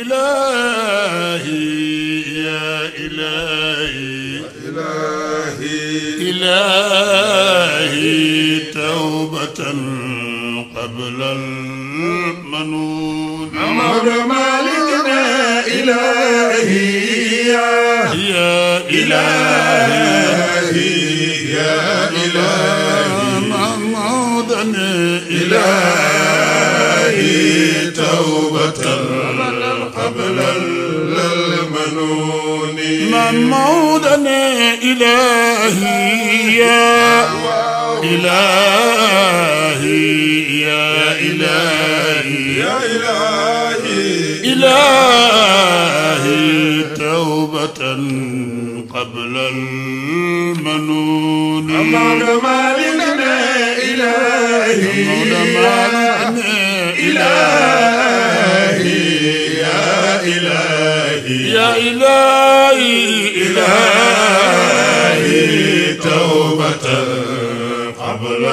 إلهي يا إلهي إلهي إلهي توبة قبل المنون أمر مالكنا إلهي يا إلهي يا إلهي موضن إلهي توبة قبل المنون منوننا إلهي يا إلهي يا إلهي يا إلهي إلهي توبة قبل المنون أمام إلهي إلهي توبة قبل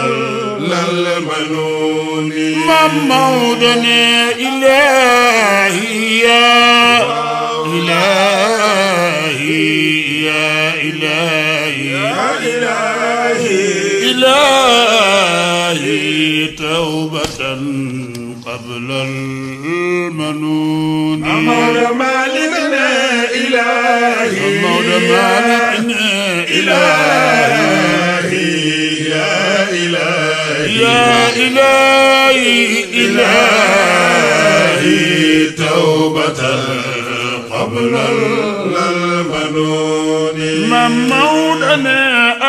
المنون ما مودنا إلهي يا إلهي يا إلهي يا إلهي إلهي توبة قبل المنون أمر إلهي المولى مالكنا إلهي يا إلهي يا إلهي إلهي توبة قبل المنون من مولانا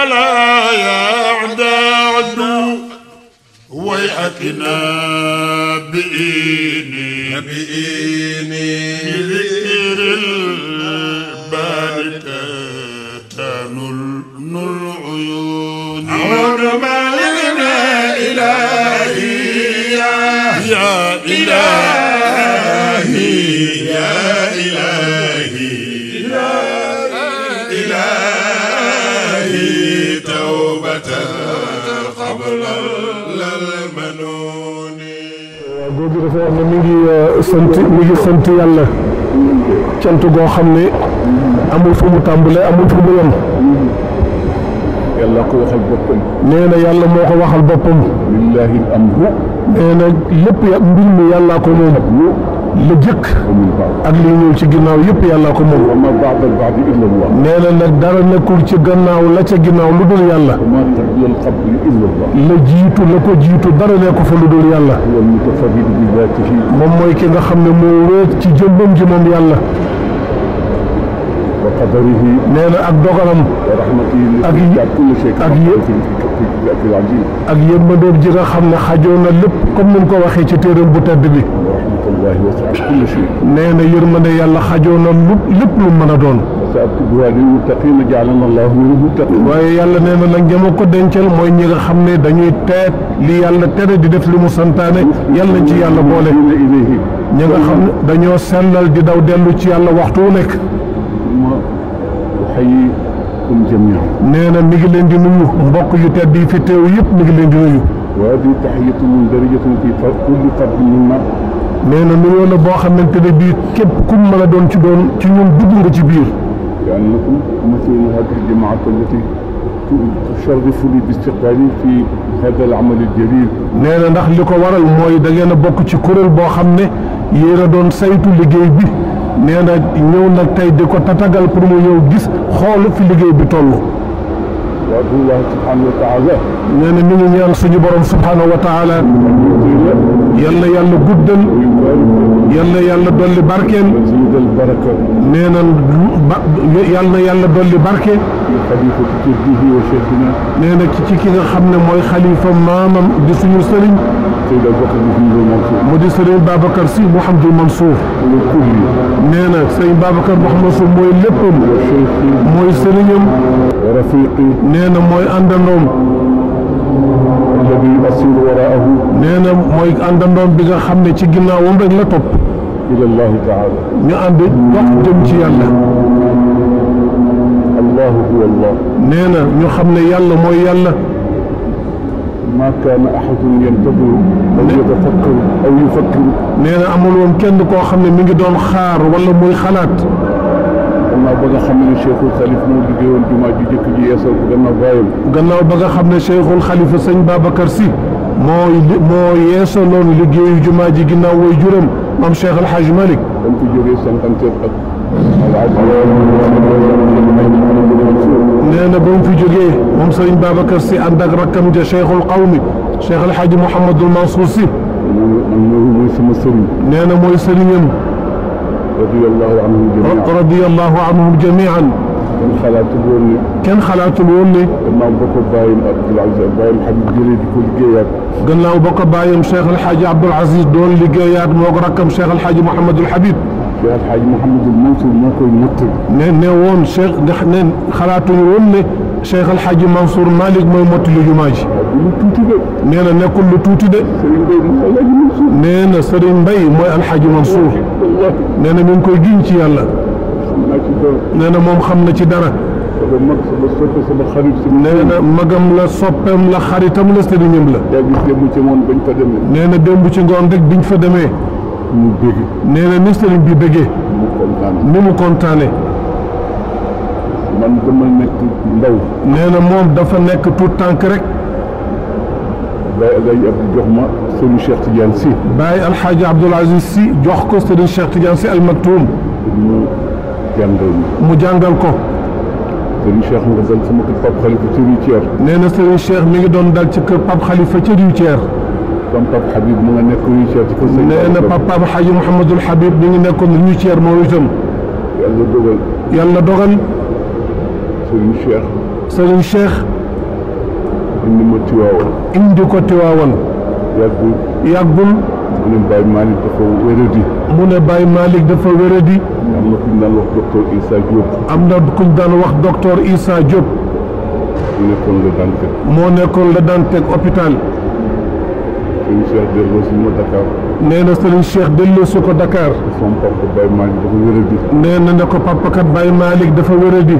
ألا يا أعداء عدو ويأتنا بإيني بإيني ما لنا إلهي يا إلهي يا إلهي يا إلهي توبة قبل المنون googu dafa wax ne mi ngi sant mi ngi sant yàlla cant goo xam ne amul fu mu tàmbale amul fu mu yem yàlla ko waxal boppam. nee na yàlla moo ko waxal boppam. lillahi na lépp ya mbir mi ko moom. lu jëkk ak li ñëw ci ginnaaw yëpp yàllaa ko moom. nee na nag dara nekkul ci gannaaw la ca ginnaaw lu dul yàlla. la jiitu la ko jiitu dara nekku fa lu dul yàlla. moom mooy ki nga xam ne moo wéet ci jëmbam ji moom yàlla. qadarihi nee na ak dogalam ak ak yëpp ak yërmandeem ji xam ne xajoon na lépp comme ni ko waxee ci téeram bu tedd bi nee na yërmande yàlla xajoon na lu lépp lu mën a doon waaye yàlla nee na nag ñama ko dencal mooy ñi nga xam ne dañuy teet li yàlla tere di def li mu santaane yàlla ci yàlla boole ñi nga xam ne dañoo sellal di daw dellu ci yàlla waxtu wu nekk أحييكم جميعا نانا ميغلين دي نيو مبوك يو تادي في تيو ييب ميغلين دي نيو وهذه تحية مندرجة في كل فرد منا نانا نيو لا بو خامتاني بي كيب كوم مالا دون سي دون سي نيون دوجو سي بير يعني لأنكم تمثلون هذه الجماعة التي تشرفني باستقلالي في هذا العمل الجليل نانا نخ ليكو وارال موي دا بوك سي كورل بو خامني ييرا دون سايتو ليغي بي nee na ñëw na tey di ko tatagal pour mu ñëw gis xoolu fi liggéey bi toll. nee na mi ngi suñu borom subhaanahu wa taala yàlla yàlla guddal yàlla yàlla dolli barkeel nee na yàlla yàlla dolli barke nee na ci ki nga xam ne mooy xalifa maamam di suñu sëriñ سيد ابو بكر محمد المنصور مودي سيرين بابكر سي محمد المنصور الكلي نينا سيد بابكر محمد المنصور موي لبم موي سيرينم رفيقي نانا موي أندنوم الذي اسير وراءه نانا موي أندنوم بيغا خامني سي غيناوم رك لا توب الى الله تعالى ني اند دوخ جيم سي يالا الله هو الله نانا ني خامني يالا موي يالا ما كان احد ينتبه او يتفكر او يفكر نينا امول وم كين كو خامي ميغي دون خار ولا موي خلات ما بغا خامي شيخ الخليفه مو ديون جمعه جي ديك جي ياسو غنا غايم غنا بغا خامي شيخ الخليفه سيغ بابكر سي موي موي ياسو لون ليغي جمعه جي غنا وي جورم مام شيخ الحاج مالك انت جوغي سانتانتي اك العزيز من المؤمنين nee na ba mu fi jógee moom sëriñ Babacar si ànd ak rakkam ja cheikhul qawmi cheikh alxaaji Mouhamadul Mansour si mooy sama sëriñ nee na mooy sëriñam radiyallahu anhum jamian kenn xalaatul woon ne kenn xalaatul woon ne gannaaw ba ko bàyyam Abdoul Aziz bàyyam Habib jëlee di ko liggéeyaat gannaaw ba ko bàyyam cheikh alxaaji Abdoul Aziz doon liggéeyaat moo ko rakkam cheikh alxaaji Mouhamadul Habib bi alxaaji Mouhamadul Mansour ne ne woon Cheikh ne xalaatuñu woon ne Cheikh alxaaji Mansour Malick mooy mottali jumaa ji. nee na nekkul lu tuuti de. nee na Serigne Mbaye mooy alxaaji Mansour. nee na mi koy giñ ci yàlla. nee na moom xam na ci dara. nee na magam la soppeem la xaritam la sëriñam la. nee na démb ci ngoon rek biñ fa demee. mu bëgge nee na ni sëriñ bi bëggee ni mu kontaane man dama nekk ndaw nee na moom dafa nekk tout tànk rek Baye Alhaji Abdou jox ma sëriñ Cheikh Tidiane si Baye Alhaji Abdoul Aziz si jox ko sëriñ Cheikh Tidiane si almaktuum mu jàngal mu jàngal ko sëriñ Cheikh nga dal sama kër Pape Khalifa ca Rivière nee na sëriñ Cheikh mi ngi doon dal ci kër Pape Khalifa ca Rivière comme Pape Habib mu nga nekk huitière ci conseil. nee na papa ba Xaji Mouhamadul Habib mi ngi nekkoon huitière moom itam. yàlla dogal. yàlla dogal. Serigne Cheikh. Serigne Cheikh. indi ma Tiwaawan. indi ko Tiwaawan. yàggul. yàggul. mu ne Baye Malick dafa wéradi. mu ne Baye Malick dafa wéradi. am na kuñ daan wax docteur Issa Diop. am na kuñ daan wax docteur Issa Diop. mu nekkoon la daan teg. moo nekkoon la daan teg hôpital. Serigne Cheikh delloo si ma na Cheikh delloo si ko Dakar. son papa na ne ko papa kat Baye Malick dafa wéradi.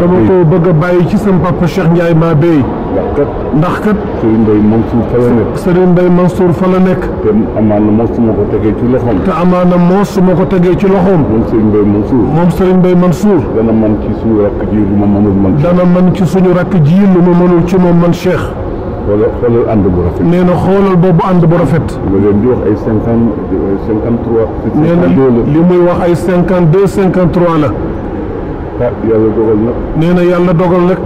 dama ko bëgg a bàyyi ci sama papa Cheikh Ndiaye maa béy. dama ko bëgg béy. ndax kat ndax kat. Serigne Mbaye Mansour nekk. Serigne Mbaye Mansour su ko tegee ci loxoom. te amaana moo su ko tegee ci loxoom. moom Serigne Mbaye Mansour. moom Serigne Mbaye Mansour. dana man ci suñu rakk ji lu ma mënul ci suñu rakk ji lu ma moom man Cheikh. xoolal xoolal ànd bu rafet. nee ànd bu rafet. nga leen di wax ay cinquante cinquante trois. nee na wax ay cinquante deux cinquante la. ah yàlla dogal nag. nee na yàlla dogal nag.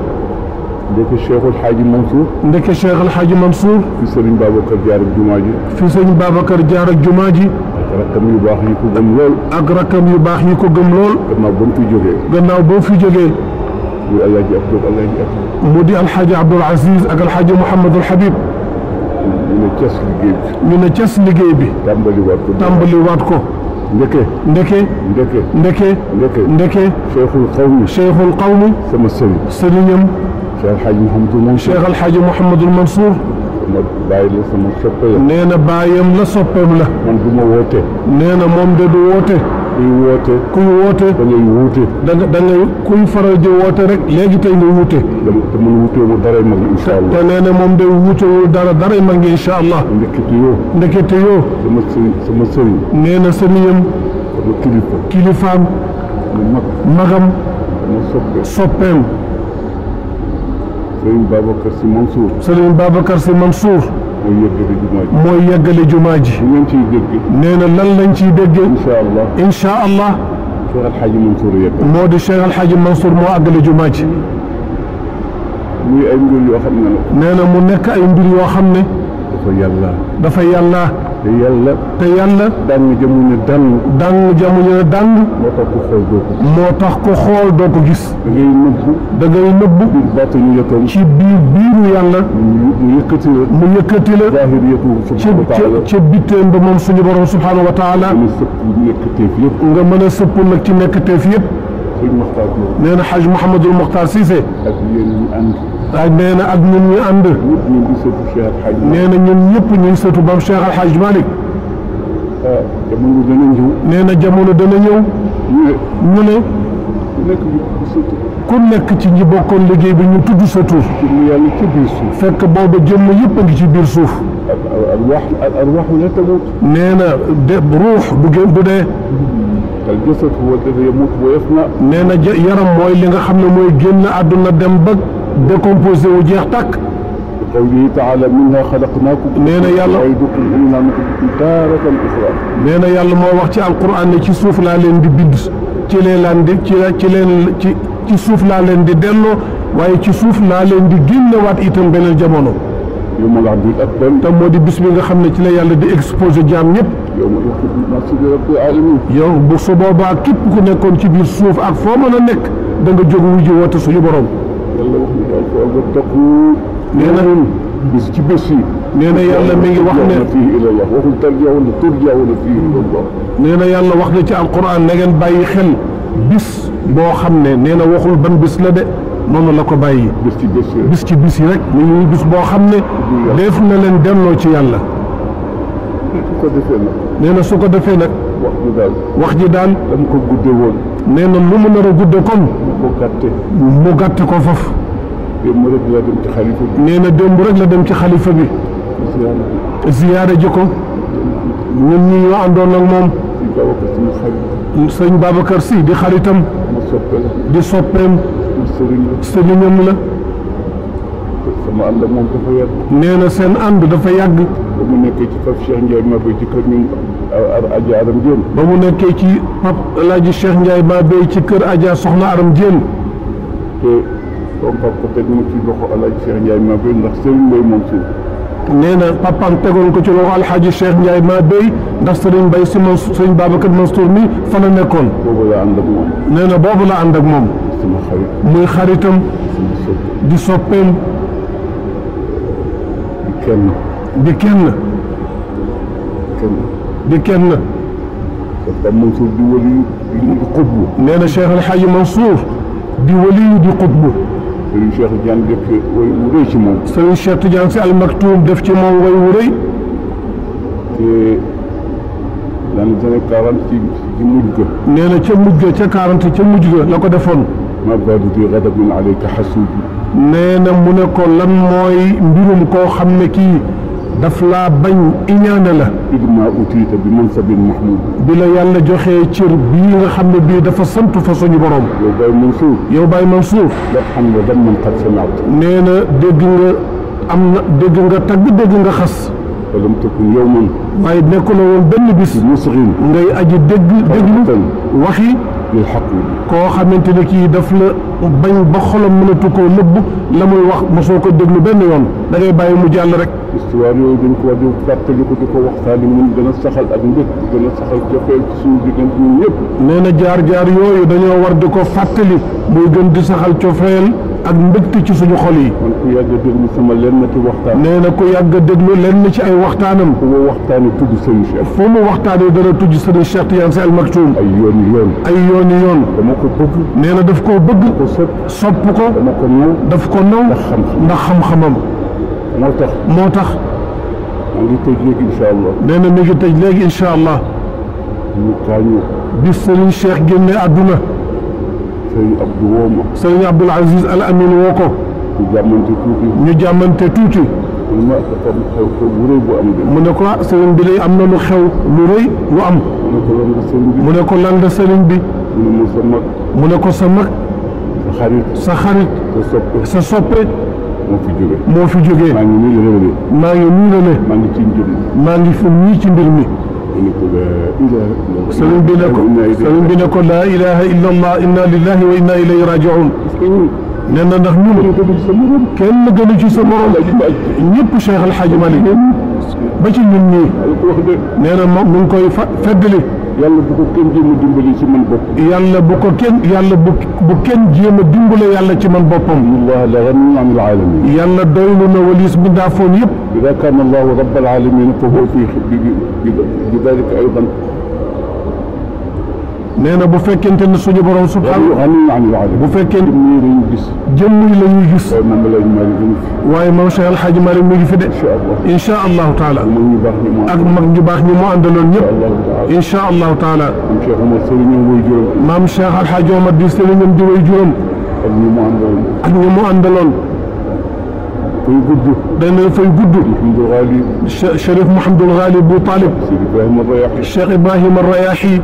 ndeke Cheikh El Hadj Mansour. ndeke Cheikh El Hadj Mansour. fi Serigne Babacar Diar ak Jumaa ji. fi Serigne Babacar Diar ak Jumaa ji. ak yu baax yi ko gëm lool. ak yu baax yi ko gëm lool. gannaaw ba mu fi jógee. gannaaw fi jógee. muy مدي الحاج عبد العزيز اجل الحاج محمد الحبيب من تياس ليغيبي تامبلي واتكو نكي نكي نكي نكي نكي نكي شيخ القوم شيخ القوم سما سري سرينم شيخ الحاج محمد المنصور شيخ الحاج محمد المنصور باي لي سما شوبي نينا بايام لا سوبم لا من بما ووتي نينا موم دد ووتي kuy woote. kuy da ngay da da ngay kuy faral di woote rek léegi tey nga wuute. te mun wuutewul dara mag yi incha na moom day wuutewul dara dara mag yi incha allah. ndekete yoo. ndekete yoo. sama sëriñ sama sëriñ. nee na sëriñam. sama kilifa. kilifaam. mag soppeem. sëriñ Babacar Sy Mansour. sëriñ mooy yàggale jumaa ji nee na lan lañ ciy déggee incha allah moo di Cheikh Al Hadj Mansour moo àggale jumaa ji muy ay mbir yoo xam ne nee na mu nekk ay mbir yoo xam ne dafa yàlla dafa yàlla te yàlla. te yàlla. dàng jamuñu dàng. dàng jamuñu dàng. moo tax ko xool doo ko. moo tax ko xool doo ko gis. da ngay nëbbu. da ngay nëbbu. biir baatuñu yëkkam. ci biir biiru yàlla. mu yëkkati la. mu yëkkati la. zaahir yëpp ci ci bitéem ba moom suñu borom subhaanahu wa taala. nga mën a sëpp yëkkateef yëpp. nga mën a sëpp nag ci nekkateef yëpp. المختار نينا حاج محمد المختار سيسي اك نين ني اند اك نينا اك نين ني اند نين دي سيتو شيخ حاج نينا نين ييب نين سيتو بام شيخ الحاج مالك جامونو دا نيو نينا جامونو دا نيو ني ني نك كل نك تي ني فك بوبو جيم ييب نغي تي بير سوف الارواح الارواح نينا روح بوغي بودي nee na yaram mooy li nga xam ne mooy génn àdduna dem ba décomposé wu jeex tàkk. qawlihi taala minha xalaqnaakum nee na yàlla nee na yàlla moo wax ci alquran ne ci suuf laa leen di bind ci leen laan di ci ci leen ci ci suuf laa leen di delloo waaye ci suuf laa leen di génnewaat itam beneen jamono. te moo di bis bi nga xam ne ci la yàlla di exposé jaam ñëpp. yow bu su boobaa képp ku nekkoon ci biir suuf ak foo mën a nekk da nga jóg wuji woote suñu borom. nee na bis ci bés yi. nee na yàlla mi ngi wax ne. waxul fii nee na yàlla wax na ci alquran na ngeen bàyyi xel bis boo xam ne nee na waxul ban bis la de noonu la ko bàyyi. bis ci bés yi rek bis ci bés yi rek. bis boo xam ne. def na leen denloo ci yàlla. su ko defee nee na su ko defee nag. wax ji daal. wax ji daal. dama ko gudde woon. nee na lu mu nar a gudde kon. mu gàtte. mu gàtte ko foofu. démb dem ci xalifa nee na démb rek la dem ci xalifa bi. ziyaare ji ko. ñun ñi ñoo àndoon ak moom. sëñ Babacar Si di xaritam. di soppeem. sëriñam la. nee na seen ànd dafa yàgg. ba mu nekkee ci faf Cheikh Ndiaye Mabéye ci kër ñun Adja Aram Diène ba mu nekkee ci faf Alaaji Cheikh Ndiaye Mabéye ci kër Adja Soxna Aram Diène te son papa teg mu ci loxo Alaaji Cheikh Ndiaye Mabéye ndax Serigne Mbaye moom si nee na papaam tegoon ko ci loxo Alxaaji Cheikh Ndiaye Mabéye ndax Serigne Mbaye si mon Serigne Babacar Mansour mi fa la nekkoon boobu la ànd ak moom nee na boobu la ànd ak moom sama xarit muy xaritam di soppeem di kenn بكنة بكنة بكنة سلطان منصور دي ولي نانا شيخ الحي منصور دي ولي دي قطبه سيدي شيخ جان ديك وي وري شي موم سيدي شيخ تجان سي المكتوم ديف شي موم وي وري لان جاني 40 سي دي مودجا نانا تي مودجا تي 40 تي مودجا لاكو ديفون ما بعد دي غضب عليك حسودي نانا مونيكو لان موي daf laa bañ iñaane la idma utiita bi mansabin mahmud bi la yàlla joxee cër bii nga xam ne bii dafa sant fa suñu borom yow Baye Mansour yow Baye Mansour la xam nga dam man xat samaat nee na dégg nga am na dégg nga tagg dégg nga xas walam takun yow man waaye nekku la woon benn bis musrin ngay aji dégg déglu waxi lil xaq koo xamante ni kii daf la bañ ba xolam mënatu koo nëbb la muy wax mosoo ko déglu benn yoon da ngay bàyyi mu jàll rek histoire yooyu dañ ko war di fàttaliku di ko waxtaani mun gën a saxal ak mbég gën a saxal jofeel ci suñu diggante ñun ñëpp nee na jaar-jaar yooyu dañoo war di ko fàttali muy gën di saxal cofeel ak mbégte ci suñu xol yi. man ku yàgg a déglu sama lenn ci waxtaan. nee na ku yàgg a déglu lenn ci ay waxtaanam. fu mu waxtaanee tudd sëriñ Cheikh. fu mu waxtaanee dana tudd sëriñ Cheikh Tidiane Sy Al Maktoum. ay yoon i yoon. ay yoon i yoon. dama ko bëgg. nee na daf koo bëgg. ko sopp sopp ko. dama ko naw daf ko naw. ndax xam-xam ndax xam-xamam. moo tax moo tax. maa ngi tëj léegi incha allah. nee na mi ngi tëj léegi incha allah. ñu gaañu. bi sëriñ Cheikh génnee àdduna. sëriñ Abdou woo ma. sëriñ Abdoul Aziz Al Amin woo ko. ñu jàmmante tuuti. ñu jàmmante tuuti. mu ne xew xew bu rëy bu am de. mu ne ko ah sëriñ bi lay am na lu xew lu rëy lu am. mu ne ko lan la sëriñ bi. mu ne ko lan la sëriñ bi. mu ne ko sa mag. sa xarit. sa xarit. sa soppe. moo fi jógee. moo fi jógee. maa ngi nii la maa ngi nii la maa ngi ci mbir mi. maa ngi fi nii ci mbir mi. سلم بنا سلم بنا كل لا إله إلا الله إنا لله وإنا إليه راجعون nee na ndax ñun kenn gënu ci sa borom ñëpp Cheikh El Hadj Malick ba ci ñun ñii nee na mu ngi koy feddali yàlla bu ko kenn jéem a dimbali ci man bopp yàlla bu ko kenn yàlla bu bu kenn jéem a dimbale yàlla ci man boppam allah la gani an alalamin yàlla doylu na walis bi daafoon yëpp ida kan allahu rabbal alamin fa huwa fi bi dalika aydan nee na bu fekkente ne suñu borom subhanahu bu fekkee jëmm yi la ñuy gis waaye moom Cheikh El Hadj Malick mi ngi fi de incha allahu taala ak mag ñu baax ñi moo àndaloon ñëpp incha allahu taala maam Cheikh El Hadj Omar di sëriñam di way juróom ak ñi mu àndaloon fay gudd. dañ ne fay gudd. Chérif Mouhamadul Ghali bu Talib. Cheikh Ibrahima Rayahi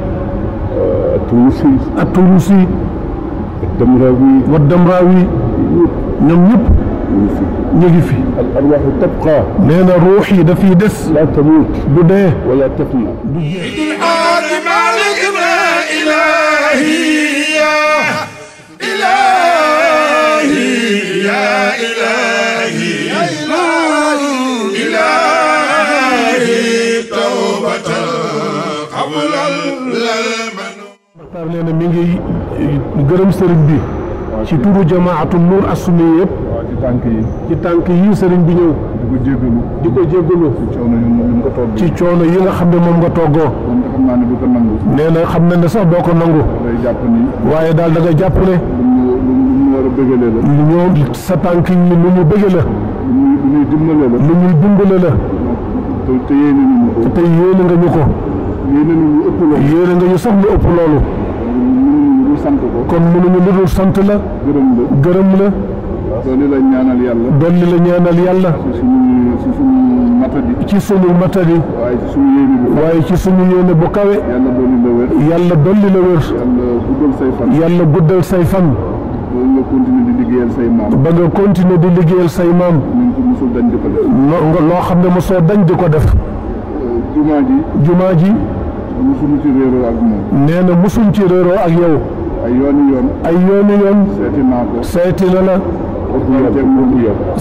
التونسي التونسي الدمراوي والدمراوي نم يب نجي الأرواح تبقى لنا روحي ده في دس لا تموت بده ولا تفنى عيد الحار مالك ما يا إلهي يا إلهي يا إلهي إلهي توبة قبل الله Makhtar nee mi ngi gërëm bi ci turu jamaatu yëpp ci tànk tànk yi sëriñ bi ñëw di yi nga xam ne moom nga toggoo xam na ne sax doo ko nangu waaye daal da nga jàpp ne lu sa tànk yi lu ñu bëgg la lu ñuy dimbale la te yéene nga ñu ko yéene nga ñu sax lu ëpp loolu ñu sant ko. kon mënuñu lu dul sant la. gërëm la gërëm la. dolli la ñaanal yàlla. dolli la ñaanal yàlla. ci suñu ci suñu ci suñu matadi. waaye ci suñu yéene bu kawe. ci suñu yéene bu kawe. yàlla dolli la wér. yàlla dolli la wér. yàlla guddal say fan. yàlla guddal say ba nga continuer di liggéeyal say maam. ba di liggéeyal say maam. nañ ko loo xam ne mosoo dañ di ko def. jumaa ji. jumaa ji. mosuñu ci réeroo ak yow. ay yooni yoon ay yooni yoon seeti naa ko seeti la la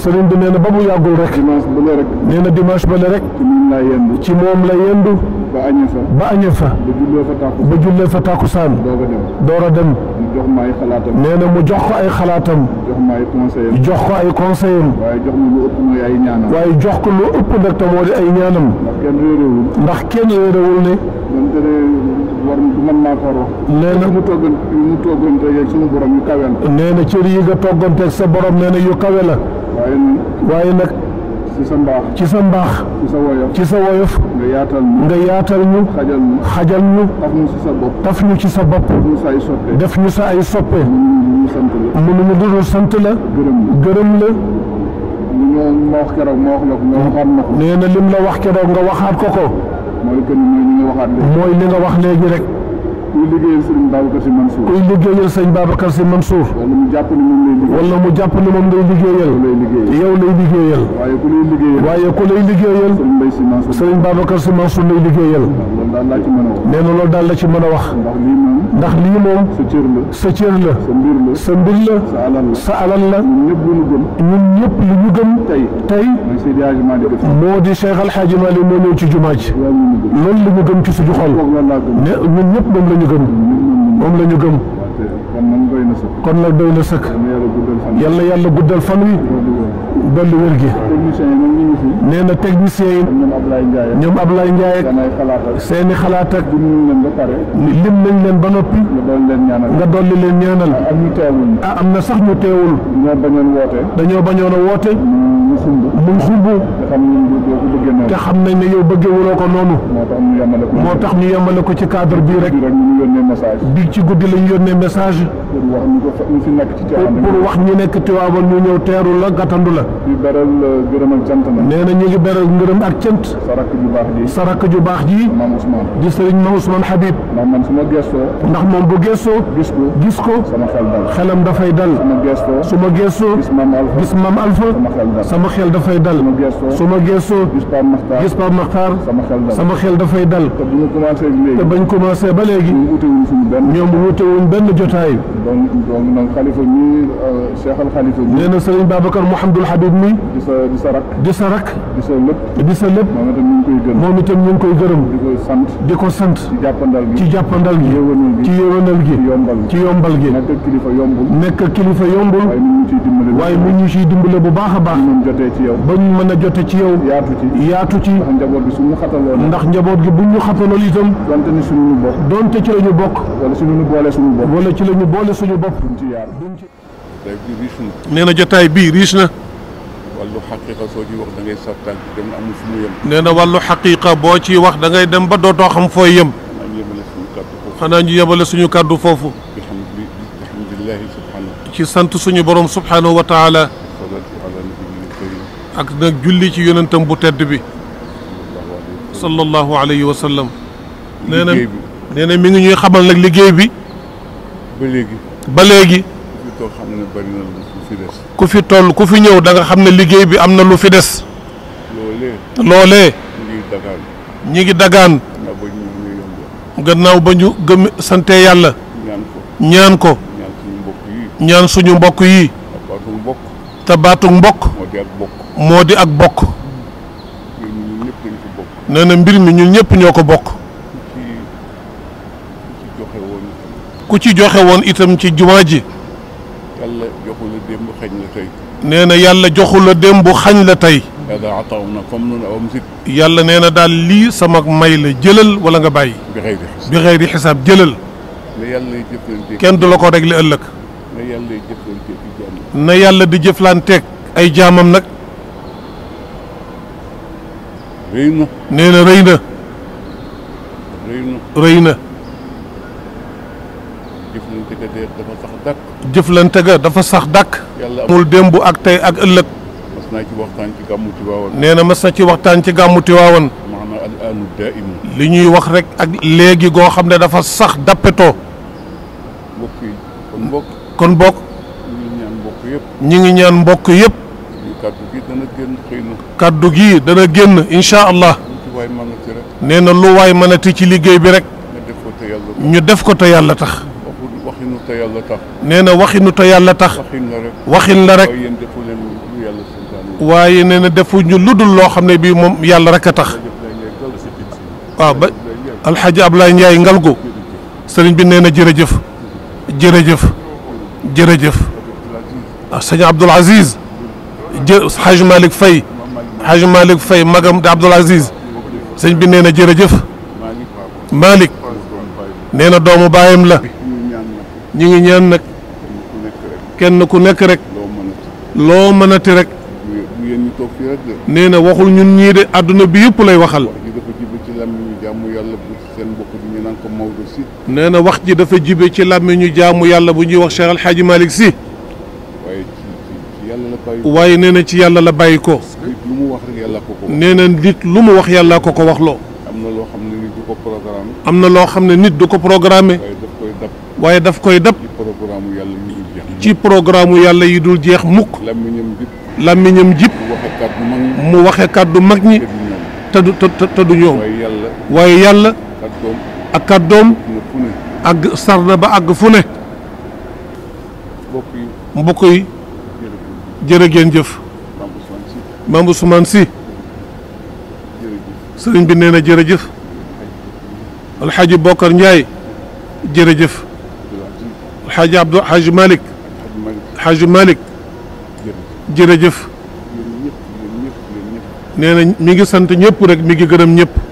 sëriñ bi nee na ba mu yàggul rek dimanche ba rek nee na dimanche ba rek ci moom la yendu ci moom la yendu ba añe fa ba añe fa ba jullee fa tàkkusaan door dem jox ma ay xalaatam mu jox ko ay xalaatam jox ma conseil jox ko ay conseil am jox ma lu ëpp mooy ay ñaanam waaye jox ko lu ëpp nag te moo ay ñaanam ndax kenn réeréwul ndax kenn réeréwul ne mën naa ko wax. na mu toggoon mu toggoon tey ak suñu borom yu nee na sa borom nee yu kawe la. waaye nag. waaye nag. ci sa ci sa mbaax. sa woyof ci sa woyof. nga yaatal ñu nga yaatal ñu. xajal ñu xajal ñu. taf ñu ci sa bopp taf ñu ci sa bopp. def ñu sa ay soppe def ñu sa ay soppe. mënuñu sant la mënuñu dul sant la. gërëm la gërëm la. li ma wax keroog ma wax la nga waxaat ma wax keroog nga mooy li nga wax léegi rek. kuy liggéeyal sëriñ Babacar Sy Mansour. kuy liggéeyal sëriñ Babacar Sy Mansour. wala mu jàpp ne moom lay liggéeyal. ne moom lay liggéeyal. yow lay liggéeyal. waaye ku lay liggéeyal. waaye ku lay liggéeyal. sëriñ Babacar Sy Mansour lay liggéeyal. nee na loolu daal la ci mën a wax. ndax lii moom. sa cër la. sa mbir la. sa alal la. sa alal la. ñun ñëpp li ñu gëm. tey moo di Cheikh Al Hadj Malick moo ñëw ci jumaa ji. loolu la gëm ci suñu xol. ne ñun ñëpp moom la ñu gëm moom la ñu gëm kon nag doy na sëkk yàlla yàlla guddal fan wi dolli wér gi nee na technicien yi ñoom Ablaye Ndiaye ak seeni xalaat ak lim nañ leen ba noppi nga dolli leen ñaanal a ah, am na sax ñu teewul dañoo bañoon a woote mu xumb te xam nañ ne yow bëggewuloo ko noonu moo tax ñu yemale ko ci cadre bii rek yónnee message bi ci guddi lañ yónnee message pour wax ñu ko ñu fi nekk ci Tiwaawan pour wax ñu nekk Tiwaawan ñu ñëw teeru la gàttandu la di beral gërëm ak cant na nee na ñu ngi beral ngërëm ak cant sa rakk ju baax ji sa rakk ju baax ji maam Ousmane di sëriñ maam Ousmane Habib ndax man su ma gëstoo ndax moom bu gëstoo gis ko gis ko sama xel dal xelam dafay dal su ma gëstoo su ma gëstoo gis maam Alpha gis maam Alpha sama xel dafay dal su ma gëstoo gis Pape Makhtar gis Pape Makhtar sama xel dafay dal te bañ commencé ba léegi wutewuñ suñu benn ñoom wutewuñ benn jotaay donc donc nag xalifa mi cheikh al xalifa mi nee na sëriñ babacar mouhamadul habib mi di sa di sa rak di sa rak di sa lépp di sa lépp moom itam ñu ngi koy gërëm moom itam ñu ngi koy gërëm di ko sant di ko sant ci jàppandal gi ci jàppandal gi ci yéwénal gi ci yombal gi ci yombal gi nekk kilifa yombul nekk kilifa yombul waaye ñu ngi ciy waaye mu ñu ciy dimbale bu baax a baax ci ba ñu mën a jote ci yow yaatu ci ndax njaboot gi bu ñu xataloon itam donte ci la ñu bokk wala ci la ñu boole suñu bopp nee na jotaay bii riis na wàllu xaqiqa soo ci wax da ngay saf tànk dem fu mu nee na wàllu xaqiqa boo ci wax da ngay dem ba dootoo xam fooy yem xanaa ñu yemale suñu kàddu foofu alhamdulilah ci sant suñu borom subhanahu wa taala. ak nag julli ci yonentam bu tedd bi. sallallahu alayhi wa sallam. nee mi ngi ñuy xamal nag liggéey bi. ba léegi. ba ku fi toll ku fi ñëw danga xam ne liggéey bi am na lu fi des. loolee. ñi ngi dagaan. gannaaw ba ñu gëm sante yàlla. ñaan ko. ñaan suñu mbokk yi te baatu mbokk moo di ak bokk nee na mbir mi ñun ñëpp ñoo ko bokk ku ci joxe woon itam ci jumaa ji nee na yàlla joxu la bu xañ la tey yàlla nee na daal lii sama may la jëlal wala nga bàyyi bi xëy di xisaab jëlal kenn du la ko régler ëllëg na yàlla di jëflanteeg ay jaamam. na yàlla jëflanteeg rëy na. nee ga dafa sax dàkk. jëflante ga dafa sax dàkk. yàlla amul démb ak tey ak ëllëg. mas naa ci waxtaan ci nee na mas na ci waxtaan ci gàmmu Tiwaawan. maanaam li ñuy wax rek ak léegi goo xam ne dafa sax dappetoo. kon bokk. ñu ngi ñaan mbokk yëpp. kaddu gi dana génn xëy na. kaddu gi dana génn incha allah. nee na lu waay mënati ci liggéey bi rek. ñu def ko te yàlla tax. waxinu te yàlla tax. nee na waxinu te yàlla tax. waxin la rek. waaye nee na defuñu lu dul loo xam ne bii moom yàlla rek a tax. waaw ba. Alxaaji Ablaye Ndiaye ngalgu sëriñ bi nee na jërëjëf. jërëjëf. jërëjëf sëñ Abdoul Aziz jë Hadj Malick Faye Hadj Malick Faye magam di Abdoul Aziz sëñ bi nee na jërëjëf Malick nee na doomu baayam la ñu ngi ñaan nag kenn ku nekk rek loo mënati rek nee na waxul ñun ñii de àdduna bi yëpp lay waxal. نانا وقت جي دافا جيبي سي لامي ني جامو يالا بو ني واخ شيخ الحاج مالك سي واي يالا لا باي واي نانا سي يالا لا باي كو لومو واخ رك يالا كوكو نانا ديت لومو واخ يالا كوكو واخ امنا لو خامني نيت دوكو بروغرامي واي داف كوي داب واي داف كوي داب جيخ موك لامي نيم جيب مو واخ كادو ماغني تادو نيوم واي يالا ak kàddoom ak sar na ba àgg fu ne mbokk yi jërë ngeen jëf Mame Ousmane Sy sëriñ bi nee na jërëjëf alxaaji Bokar Ndiaye jërëjëf alxaaji Abdou xaaji malik xaaji Malick jërëjëf nee na mi ngi sant ñëpp rek mi ngi gërëm ñëpp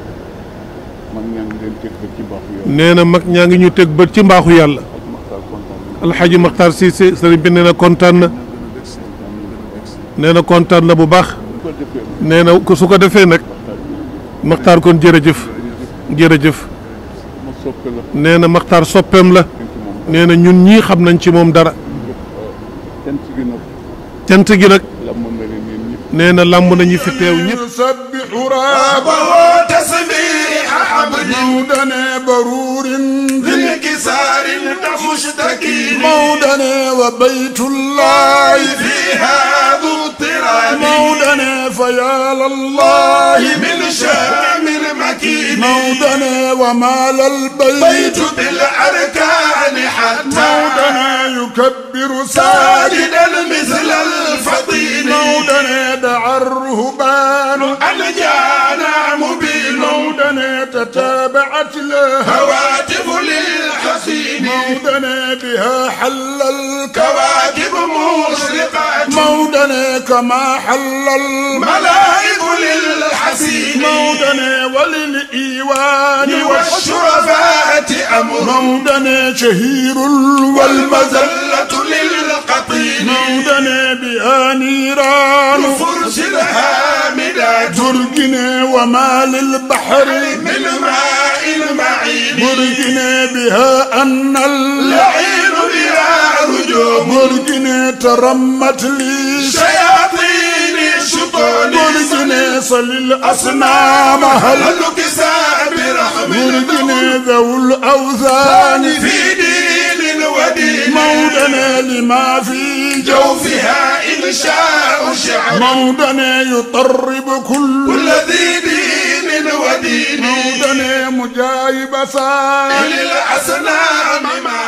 nee na mag ñaa ngi ñu teg bët ci mbaaxu yàlla alxaji maxtaar siise sëriñ bi nee na kontaan na nee na kontaan la bu baax nee na su ko defee nag maxtaar kon jërëjëf jërëjëf nee na maxtaar soppeem la nee na ñun ñii xam nañ ci moom dara cant gi nag nee na làmb nañu fi teew ñëpp مودا برور بانكسار كمشتكي مودا وبيت الله فيها ذو اضطراب مودا فيا لله من شام المكين مودا ومال البيت بيت بالاركان حتى مودا يكبر ساجدا مثل الفطين مودا دعا الرهبان الجانا مبين مودنا تتابعت الهواتف للحسين مودنا بها حل الكواكب مشرقات مودنا كما حل الملائك للحسين مودنا وللإيوان والشرفات أمر مودنا شهير والمزلة للقطين مودنا بها نيران فرس الحال برقنا وما للبحر من ماء المعين برقنا بها أن اللعين بها هجوم برقنا ترمت لي شياطين شطون برقنا صل الأصنام هل لكساء برحم برقنا ذو الأوثان في دين الودين مودنا لما في جوفها شعب شعب موطني يطرب كل الذي دين ودين موطني مجايب صار الأسنان ما